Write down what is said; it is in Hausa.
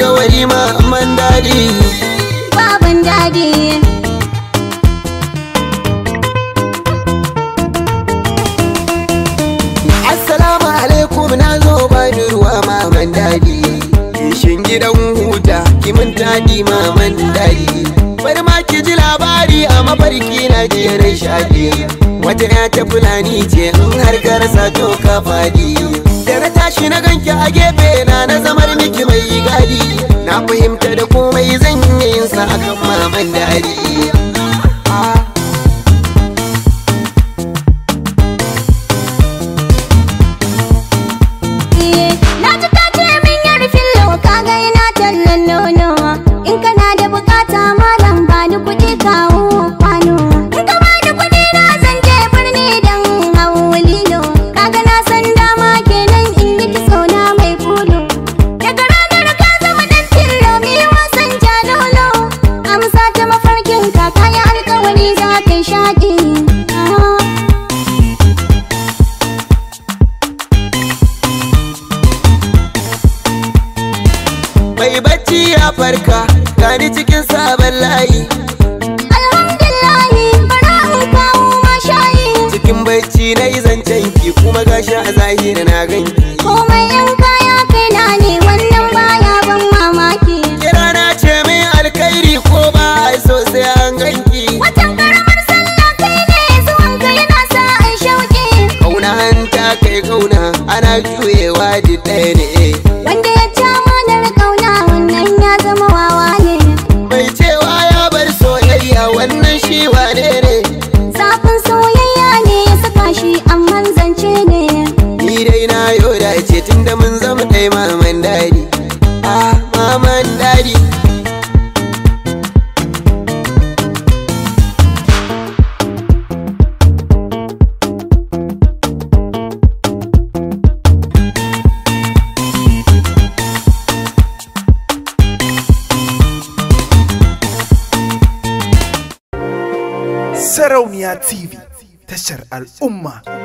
wari ma man daɗi baban daɗi assalamu alaikum na zo ba ruwa ma man daɗi kishin gidan huta mun dadi ma man daɗi bar ma ki ji labari a mafarki na jiya na wata ya ta fulani ce in har garsa to ka faɗi Da na tashi na ganki a gefe na na zamar miki mai gadi Na fahimta da komai zan yi yinsa akan maman dari mai bacci ya farka gani cikin sabon layi alhamdulillahi bara an kawo shayi. cikin bacci na zancen ki kuma gashi a zahiri na ganki komai yan kaya kai na ne wannan baya ban mamaki kira na ce min alkhairi ko ba sosai an ganki watan karamar sallah kai ne zuwan ka yana sa an shauƙi kauna hanta kai kauna ana juyewa duk ɗaya ne ce tun da mun zama ɗai maman dadi ah maman dadi Sarauniya TV tashar al'umma.